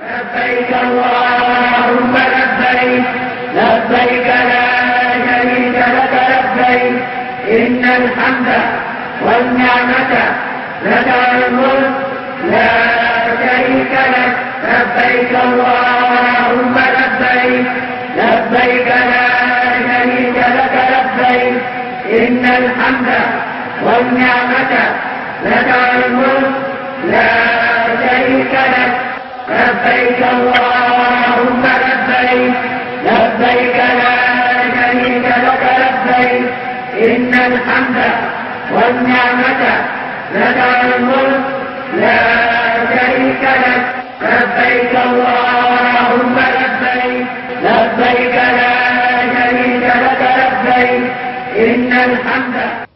لبيك اللهم لبيك لبيك لا شريك لك لبيك إن الحمد والنعمة لك الملك لا شريك لك لبيك اللهم لبيك لبيك لا شريك لك لبيك إن الحمد والنعمة لك الملك لا شريك لك لبيك اللهم لبيك لبيك لا شريك لك لبيك إن الحمد والنعمة لك الملك لا شريك لك لبيك اللهم لبيك لبيك لا شريك لك لبيك إن الحمد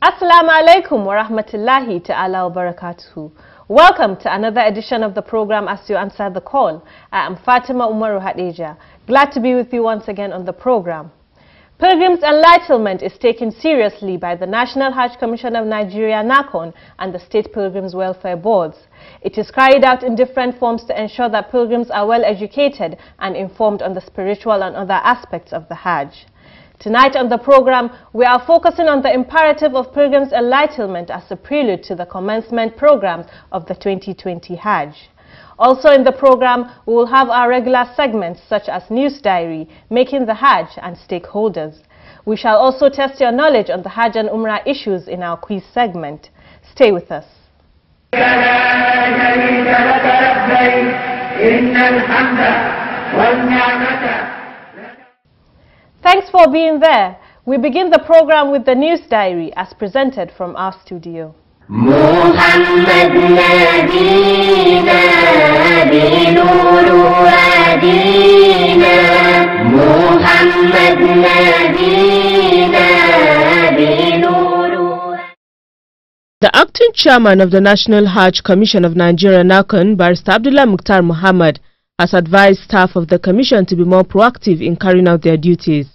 Assalamu alaikum wa rahmatullahi ta'ala wa barakatuhu. Welcome to another edition of the program As You Answer the Call. I am Fatima Umaru Hadija. Glad to be with you once again on the program. Pilgrims' enlightenment is taken seriously by the National Hajj Commission of Nigeria, NACON, and the State Pilgrims' Welfare Boards. It is carried out in different forms to ensure that pilgrims are well educated and informed on the spiritual and other aspects of the Hajj. Tonight on the program, we are focusing on the imperative of pilgrims' enlightenment as a prelude to the commencement program of the 2020 Hajj. Also in the program, we will have our regular segments such as News Diary, Making the Hajj and Stakeholders. We shall also test your knowledge on the Hajj and Umrah issues in our quiz segment. Stay with us. Thanks for being there. We begin the program with the news diary as presented from our studio. The acting chairman of the National Hajj Commission of Nigeria, NACON, Barrister Abdullah Mukhtar Muhammad, has advised staff of the Commission to be more proactive in carrying out their duties.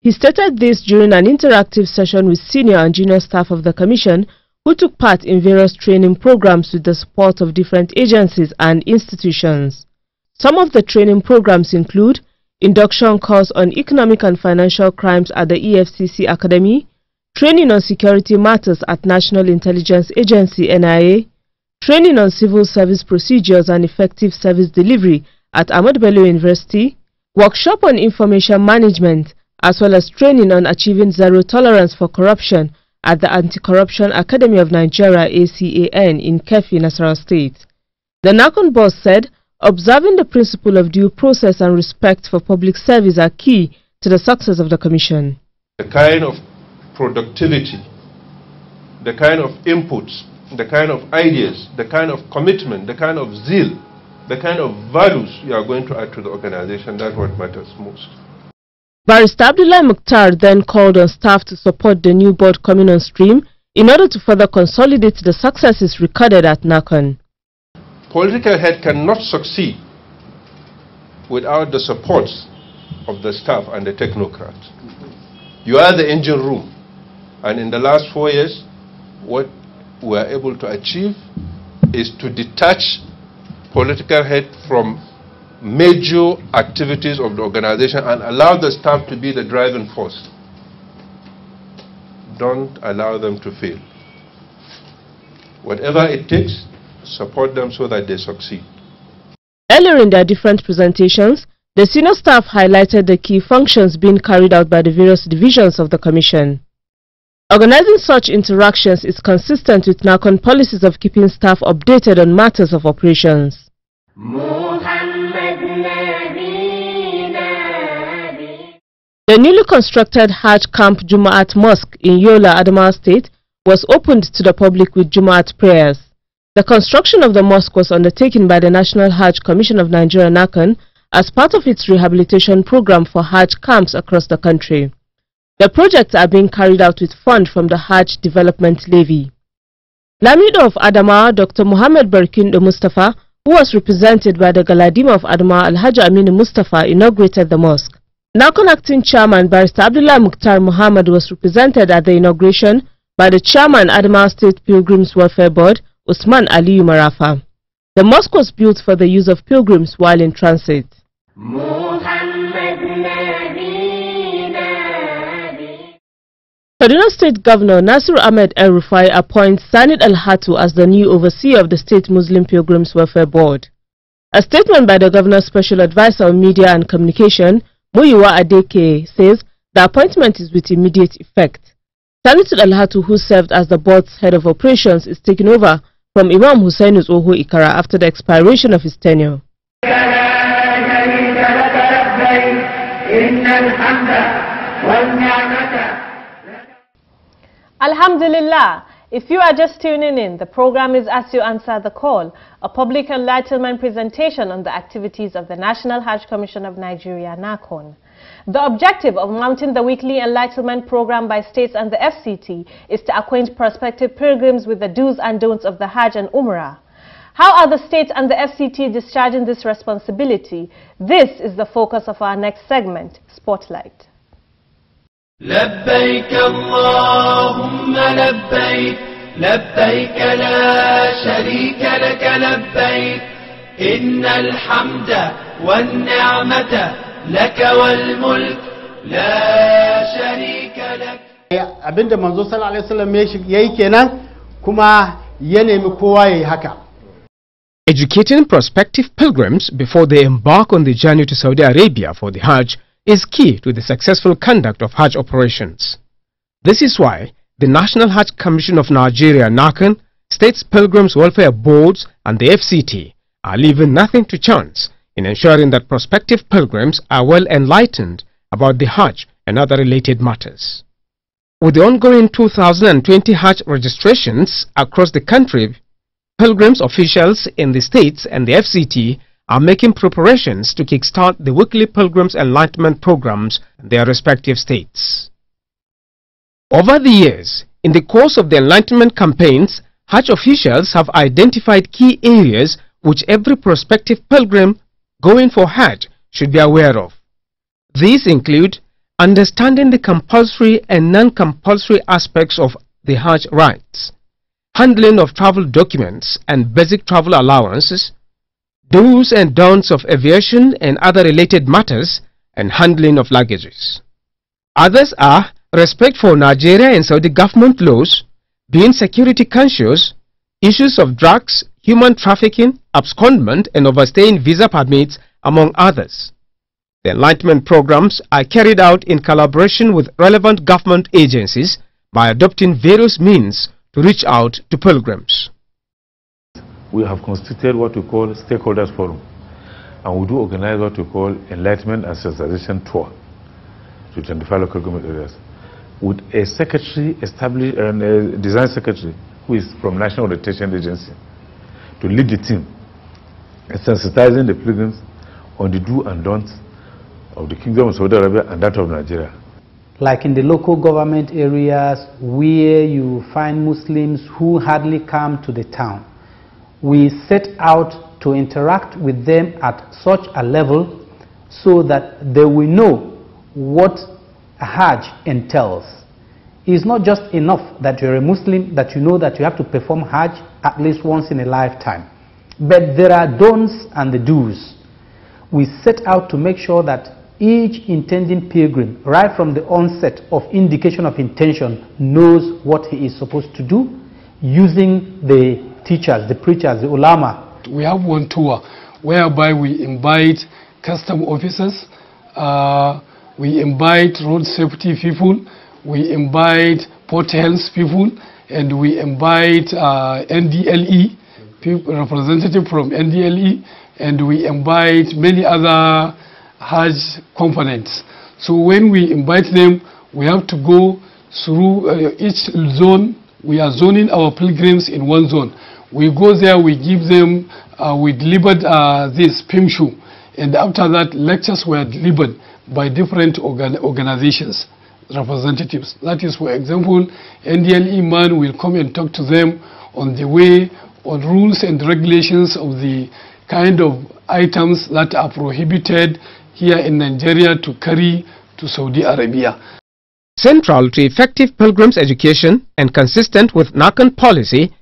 He stated this during an interactive session with senior and junior staff of the Commission who took part in various training programs with the support of different agencies and institutions. Some of the training programs include induction course on economic and financial crimes at the EFCC Academy, training on security matters at National Intelligence Agency NIA, training on civil service procedures and effective service delivery at Ahmad Bello University, workshop on information management, as well as training on achieving zero tolerance for corruption at the Anti-Corruption Academy of Nigeria ACAN in Kefi, Nasarawa State. The NACON boss said, observing the principle of due process and respect for public service are key to the success of the commission. The kind of productivity, the kind of inputs, the kind of ideas, the kind of commitment, the kind of zeal the kind of values you are going to add to the organization, that's what matters most. Barrister Abdullah Mukhtar then called on staff to support the new board coming on stream in order to further consolidate the successes recorded at NACON. Political head cannot succeed without the support of the staff and the technocrats. You are the engine room. And in the last four years, what we are able to achieve is to detach political head from major activities of the organization and allow the staff to be the driving force. Don't allow them to fail. Whatever it takes, support them so that they succeed. Earlier in their different presentations, the senior staff highlighted the key functions being carried out by the various divisions of the Commission. Organizing such interactions is consistent with NACON policies of keeping staff updated on matters of operations. The newly constructed Hajj Camp Jumaat Mosque in Yola, Adamawa State was opened to the public with Jumaat prayers. The construction of the mosque was undertaken by the National Hajj Commission of Nigeria NACON as part of its rehabilitation program for Hajj camps across the country. The projects are being carried out with funds from the Hajj Development Levy. Lamido of Adama, Dr. Muhammad Berkindo Mustafa, who was represented by the Galadima of al Hajj Aminu Mustafa, inaugurated the mosque. NACON acting chairman Barrister Abdullah Mukhtar Muhammad was represented at the inauguration by the chairman Adama State Pilgrims Welfare Board, Usman Ali Umarafa. The mosque was built for the use of pilgrims while in transit. Muhammad. Kaduna State Governor Nasir Ahmed El Rufai appoints Sanid Al Hatu as the new overseer of the State Muslim Pilgrims Welfare Board. A statement by the Governor's Special Advisor on Media and Communication, Muyiwa Adeke, says the appointment is with immediate effect. Sanid Al Hatu, who served as the board's head of operations, is taking over from Imam Hussein Uhu Ikara after the expiration of his tenure. Alhamdulillah. If you are just tuning in, the program is As You Answer the Call, a public enlightenment presentation on the activities of the National Hajj Commission of Nigeria, NACON. The objective of mounting the weekly enlightenment program by states and the FCT is to acquaint prospective pilgrims with the do's and don'ts of the Hajj and Umrah. How are the states and the FCT discharging this responsibility? This is the focus of our next segment, Spotlight. لبيك اللهم لبيك لبيك لا شريك لك لبيك إن الحمد والنعمة لك والملك لا شريك لك abinda manzo sallallahu alaihi wasallam yayi kenan kuma ya nemi kowa yayi haka Educating prospective pilgrims before they embark on the journey to Saudi Arabia for the Hajj is key to the successful conduct of Hajj operations. This is why the National Hajj Commission of Nigeria, NACAN, States Pilgrims Welfare Boards and the FCT are leaving nothing to chance in ensuring that prospective pilgrims are well enlightened about the Hajj and other related matters. With the ongoing 2020 Hajj registrations across the country, pilgrims officials in the states and the FCT are making preparations to kickstart the weekly Pilgrim's Enlightenment programs in their respective states. Over the years, in the course of the Enlightenment campaigns, Hajj officials have identified key areas which every prospective pilgrim going for Hajj should be aware of. These include understanding the compulsory and non-compulsory aspects of the Hajj rites, handling of travel documents and basic travel allowances, do's and don'ts of aviation and other related matters, and handling of luggages. Others are respect for Nigeria and Saudi government laws, being security conscious, issues of drugs, human trafficking, abscondment and overstaying visa permits, among others. The enlightenment programs are carried out in collaboration with relevant government agencies by adopting various means to reach out to pilgrims we have constituted what we call stakeholders forum. And we do organize what we call enlightenment and sensitization tour to 25 local government areas with a secretary established, and a design secretary who is from National Orientation Agency to lead the team sensitizing the pilgrims on the do and don'ts of the Kingdom of Saudi Arabia and that of Nigeria. Like in the local government areas where you find Muslims who hardly come to the town we set out to interact with them at such a level so that they will know what Hajj entails. It's not just enough that you're a Muslim, that you know that you have to perform Hajj at least once in a lifetime. But there are don'ts and the do's. We set out to make sure that each intending pilgrim, right from the onset of indication of intention, knows what he is supposed to do using the teachers, the preachers, the ulama. We have one tour whereby we invite custom officers, uh, we invite road safety people, we invite port health people, and we invite uh, NDLE, people, representative from NDLE, and we invite many other Hajj components. So when we invite them, we have to go through uh, each zone. We are zoning our pilgrims in one zone. We go there, we give them, uh, we delivered uh, this PIMSHU, and after that, lectures were delivered by different organ organizations, representatives. That is, for example, NDLE man will come and talk to them on the way, on rules and regulations of the kind of items that are prohibited here in Nigeria to carry to Saudi Arabia. Central to effective pilgrims education and consistent with Nakan policy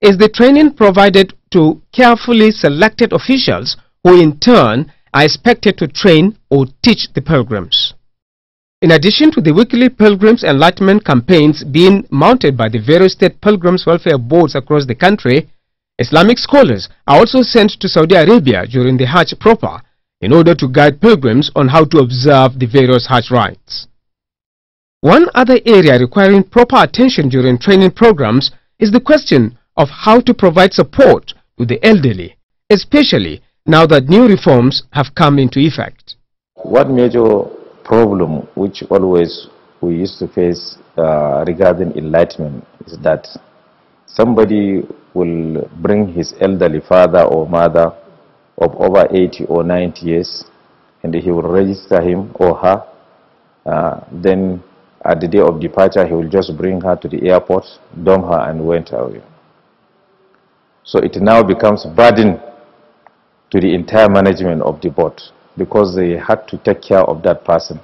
is the training provided to carefully selected officials who in turn are expected to train or teach the pilgrims. In addition to the weekly pilgrims enlightenment campaigns being mounted by the various state pilgrims welfare boards across the country, Islamic scholars are also sent to Saudi Arabia during the Hajj proper in order to guide pilgrims on how to observe the various Hajj rites. One other area requiring proper attention during training programs is the question of how to provide support to the elderly, especially now that new reforms have come into effect. One major problem which always we used to face uh, regarding enlightenment is that somebody will bring his elderly father or mother of over 80 or 90 years and he will register him or her. Uh, then at the day of departure, he will just bring her to the airport, dump her and went away. So it now becomes burden to the entire management of the board because they had to take care of that person.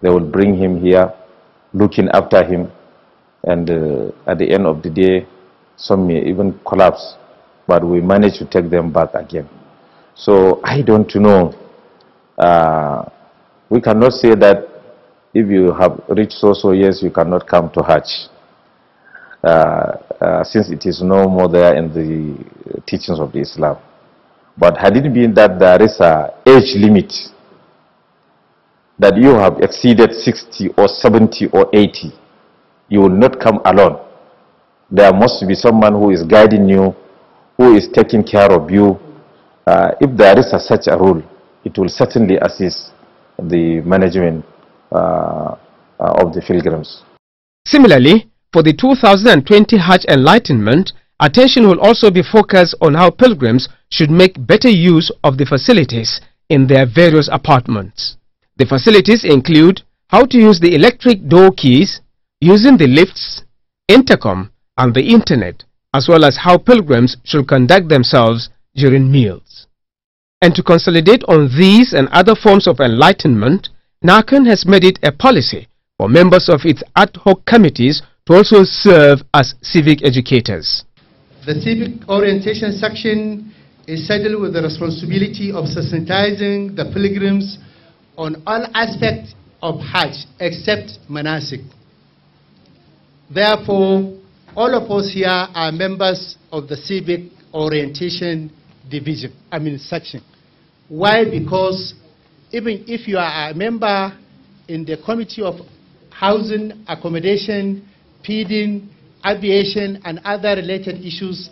They will bring him here, looking after him, and uh, at the end of the day, some may even collapse, but we manage to take them back again. So I don't know. Uh, we cannot say that if you have reached so-so years, you cannot come to Hajj. Uh, uh, since it is no more there in the uh, teachings of the Islam. But had it been that there is a age limit, that you have exceeded 60 or 70 or 80, you will not come alone. There must be someone who is guiding you, who is taking care of you. Uh, if there is a, such a rule, it will certainly assist the management uh, uh of the pilgrims. Similarly, for the 2020 Hajj Enlightenment, attention will also be focused on how pilgrims should make better use of the facilities in their various apartments. The facilities include how to use the electric door keys, using the lifts, intercom and the internet, as well as how pilgrims should conduct themselves during meals. And to consolidate on these and other forms of enlightenment, NACAN has made it a policy for members of its ad hoc committees to also serve as civic educators. The civic orientation section is saddled with the responsibility of sensitizing the pilgrims on all aspects of Hajj except Manasik. Therefore, all of us here are members of the civic orientation division, I mean section. Why? Because even if you are a member in the Committee of Housing, Accommodation, Speeding, aviation, and other related issues,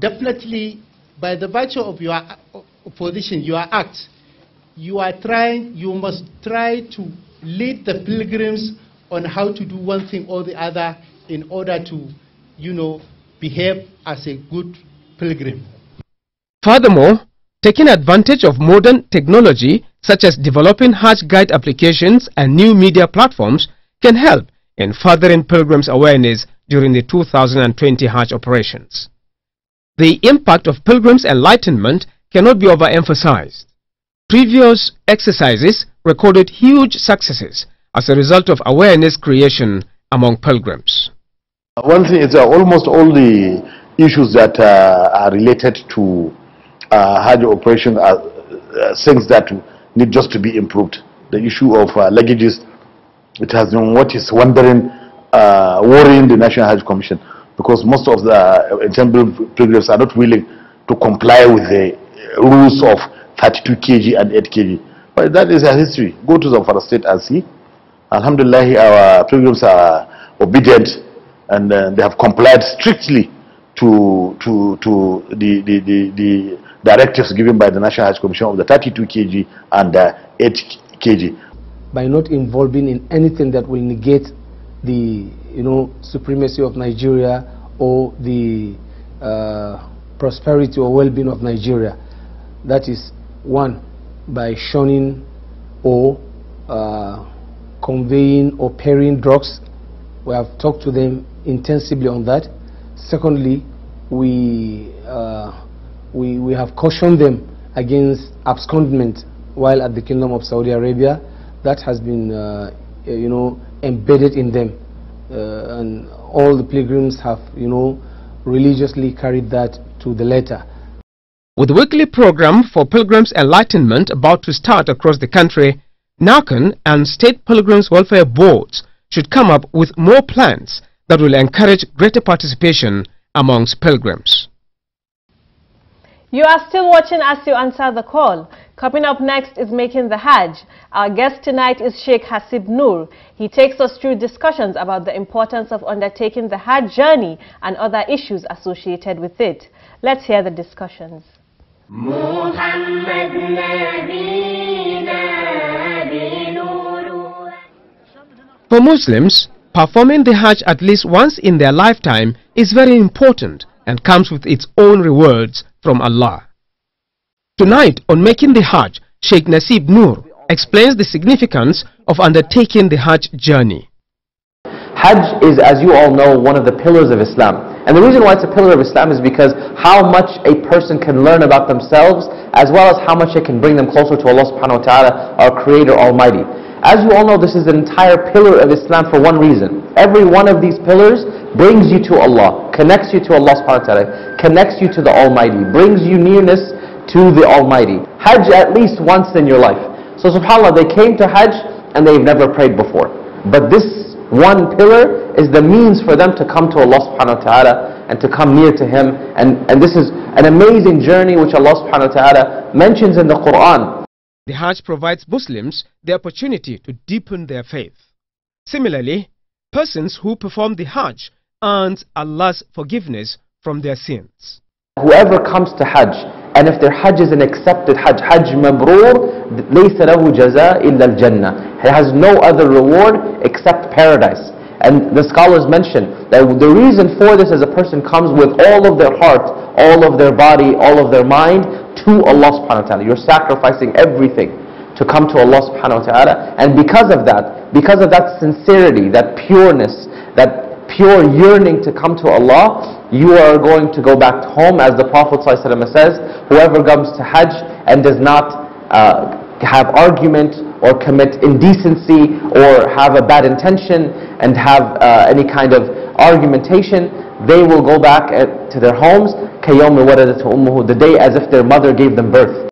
definitely by the virtue of your position, your act, you are trying, you must try to lead the pilgrims on how to do one thing or the other in order to, you know, behave as a good pilgrim. Furthermore, taking advantage of modern technology such as developing Hajj guide applications and new media platforms can help and furthering pilgrims' awareness during the 2020 Hajj operations. The impact of pilgrims' enlightenment cannot be overemphasized. Previous exercises recorded huge successes as a result of awareness creation among pilgrims. One thing is uh, almost all the issues that uh, are related to uh, Hajj operations are uh, things that need just to be improved. The issue of uh, luggages it has been what is wondering, uh, worrying the National Health Commission because most of the uh, entangled pilgrims are not willing to comply with the rules of 32 kg and 8 kg. But that is a history. Go to Zamfara state and see. Alhamdulillah, our pilgrims are obedient and uh, they have complied strictly to, to, to the, the, the, the directives given by the National Health Commission of the 32 kg and uh, 8 kg by not involving in anything that will negate the you know supremacy of Nigeria or the uh, prosperity or well-being of Nigeria. That is one by shunning or uh, conveying or pairing drugs. We have talked to them intensively on that. Secondly, we uh, we we have cautioned them against abscondment while at the Kingdom of Saudi Arabia that has been, uh, eh, you know, embedded in them. Uh, and all the pilgrims have, you know, religiously carried that to the letter. With the weekly program for Pilgrims Enlightenment about to start across the country, NACON and state pilgrims welfare boards should come up with more plans that will encourage greater participation amongst pilgrims. You are still watching as you answer the call. Coming up next is Making the Hajj, our guest tonight is Sheikh Hasib Noor. He takes us through discussions about the importance of undertaking the Hajj journey and other issues associated with it. Let's hear the discussions. For Muslims, performing the Hajj at least once in their lifetime is very important and comes with its own rewards from Allah. Tonight on Making the Hajj, Sheikh Nasib Noor explains the significance of undertaking the Hajj journey. Hajj is, as you all know, one of the pillars of Islam. And the reason why it's a pillar of Islam is because how much a person can learn about themselves as well as how much it can bring them closer to Allah subhanahu wa ta'ala, our Creator Almighty. As you all know, this is an entire pillar of Islam for one reason. Every one of these pillars brings you to Allah, connects you to Allah subhanahu wa ta'ala, connects you to the Almighty, brings you nearness to the Almighty. Hajj at least once in your life. So subhanAllah, they came to Hajj and they've never prayed before. But this one pillar is the means for them to come to Allah subhanahu wa ta'ala and to come near to Him. And, and this is an amazing journey which Allah subhanahu wa ta'ala mentions in the Quran. The Hajj provides Muslims the opportunity to deepen their faith. Similarly, persons who perform the Hajj earn Allah's forgiveness from their sins. Whoever comes to Hajj and if their hajj is an accepted hajj, hajj mabrur, لَيْسَ لَهُ جَزَاء إِلَّا الْجَنَّةِ It has no other reward except paradise. And the scholars mention that the reason for this is a person comes with all of their heart, all of their body, all of their mind to Allah subhanahu wa ta'ala. You're sacrificing everything to come to Allah subhanahu wa ta'ala. And because of that, because of that sincerity, that pureness, that pure yearning to come to Allah, you are going to go back home as the Prophet says, whoever comes to Hajj and does not uh, have argument or commit indecency or have a bad intention and have uh, any kind of argumentation, they will go back at, to their homes, The day as if their mother gave them birth.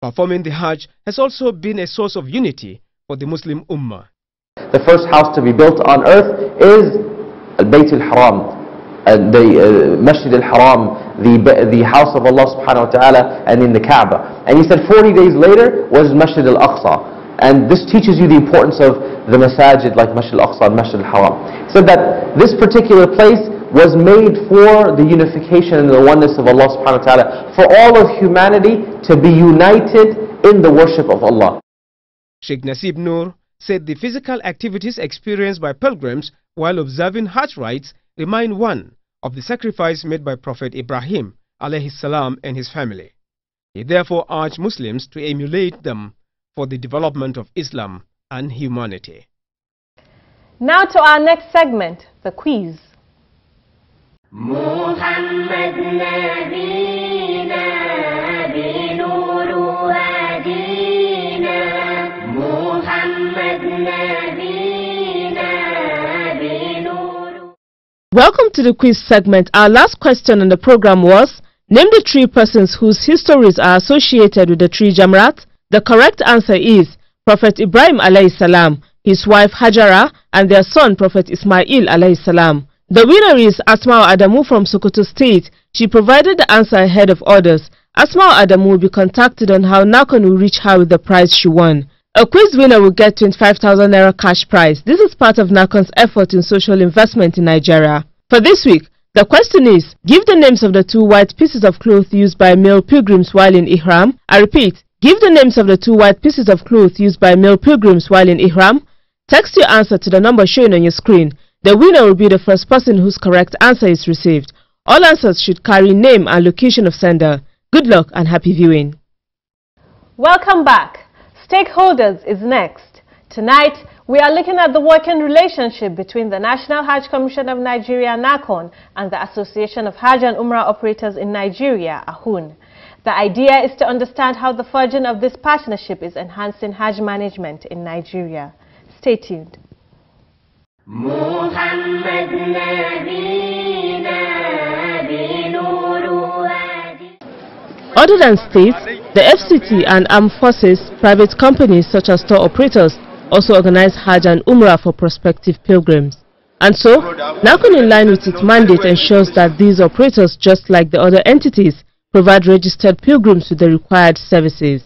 Performing the Hajj has also been a source of unity for the Muslim Ummah. The first house to be built on earth is Al-Bayt al-Haram, uh, the uh, Masjid al-Haram, the, the house of Allah subhanahu wa ta'ala, and in the Kaaba. And he said 40 days later was Masjid al-Aqsa. And this teaches you the importance of the masajid like Masjid al-Aqsa and Masjid al-Haram. He said that this particular place was made for the unification and the oneness of Allah subhanahu wa ta'ala, for all of humanity to be united in the worship of Allah. Sheikh Nasib Noor said the physical activities experienced by pilgrims while observing Hajj rites remind one of the sacrifice made by Prophet Ibrahim salam, and his family. He therefore urged Muslims to emulate them for the development of Islam and humanity. Now to our next segment, the quiz. Muhammad Welcome to the quiz segment. Our last question on the program was, name the three persons whose histories are associated with the three Jamrat. The correct answer is Prophet Ibrahim alayhi salam, his wife Hajara, and their son Prophet Ismail alayhi salam. The winner is Asma Adamu from Sokoto State. She provided the answer ahead of others. Asma Adamu will be contacted on how Nakon will reach her with the prize she won. A quiz winner will get 25,000 Naira cash prize. This is part of NACON's effort in social investment in Nigeria. For this week, the question is, give the names of the two white pieces of cloth used by male pilgrims while in Ihram. I repeat, give the names of the two white pieces of cloth used by male pilgrims while in Ihram. Text your answer to the number shown on your screen. The winner will be the first person whose correct answer is received. All answers should carry name and location of sender. Good luck and happy viewing. Welcome back. Stakeholders is next. Tonight, we are looking at the working relationship between the National Hajj Commission of Nigeria, NACON, and the Association of Hajj and Umrah Operators in Nigeria, AHUN. The idea is to understand how the forging of this partnership is enhancing Hajj management in Nigeria. Stay tuned. Other than states, the FCT and armed forces, private companies such as store operators also organize Hajj and Umrah for prospective pilgrims. And so, NACON in line with its mandate ensures that these operators, just like the other entities, provide registered pilgrims with the required services.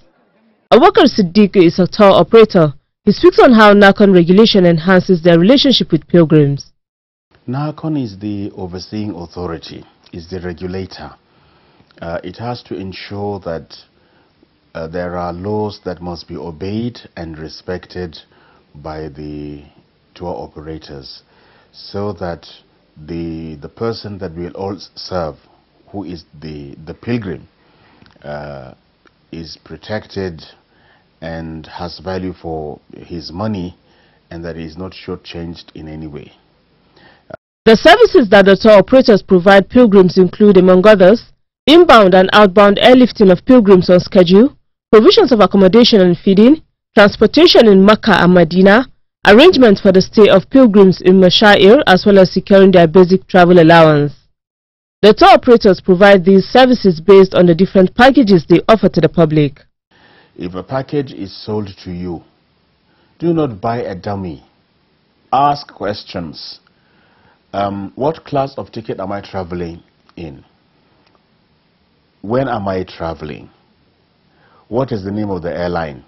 Awakar Siddiq is a tour operator. He speaks on how NACON regulation enhances their relationship with pilgrims. NACON is the overseeing authority, is the regulator. Uh, it has to ensure that uh, there are laws that must be obeyed and respected by the tour operators so that the the person that we all serve who is the the pilgrim uh, is protected and has value for his money and that he is not shortchanged in any way. The services that the tour operators provide pilgrims include, among others, inbound and outbound airlifting of pilgrims on schedule, provisions of accommodation and feeding, transportation in Mecca and Medina, arrangements for the stay of pilgrims in Mashair as well as securing their basic travel allowance. The tour operators provide these services based on the different packages they offer to the public. If a package is sold to you, do not buy a dummy. Ask questions. Um, what class of ticket am I traveling in? When am I traveling? What is the name of the airline?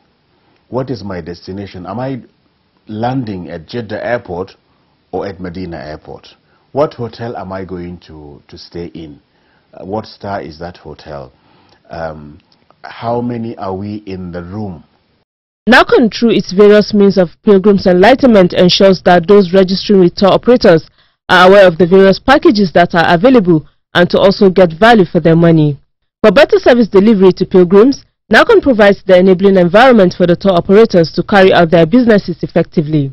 What is my destination? Am I landing at Jeddah Airport or at Medina Airport? What hotel am I going to, to stay in? Uh, what star is that hotel? Um, how many are we in the room? NACON through its various means of pilgrims enlightenment ensures that those registering with tour operators are aware of the various packages that are available and to also get value for their money. For better service delivery to pilgrims, NACON provides the enabling environment for the tour operators to carry out their businesses effectively.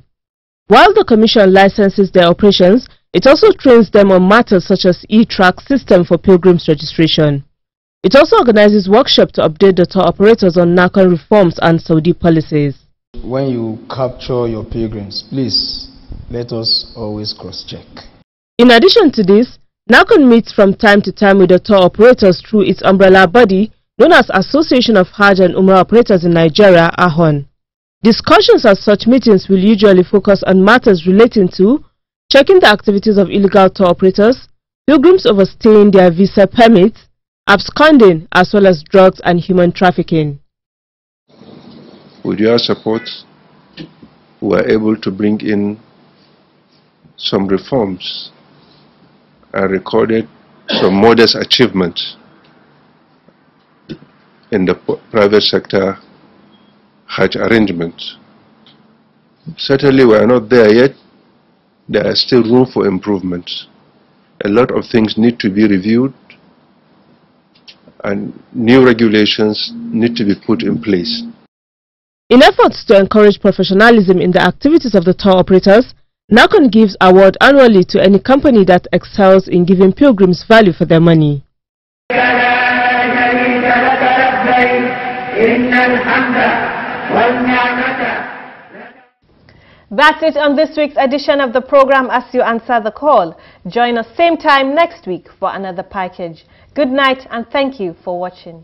While the Commission licenses their operations, it also trains them on matters such as e-track system for pilgrims registration. It also organizes workshops to update the tour operators on NACON reforms and Saudi policies. When you capture your pilgrims, please let us always cross-check. In addition to this, NACON meets from time to time with the tour operators through its umbrella body known as Association of Hajj and Umrah Operators in Nigeria, AHON. Discussions at such meetings will usually focus on matters relating to checking the activities of illegal tour operators, pilgrims overstaying their visa permits, absconding, as well as drugs and human trafficking. With your support, we are able to bring in some reforms and recorded some modest achievements in the private sector Hajj arrangements. Certainly we are not there yet. There is still room for improvement. A lot of things need to be reviewed and new regulations need to be put in place. In efforts to encourage professionalism in the activities of the tour operators, NACON gives award annually to any company that excels in giving pilgrims value for their money. That's it on this week's edition of the program As You Answer the Call. Join us same time next week for another package. Good night and thank you for watching.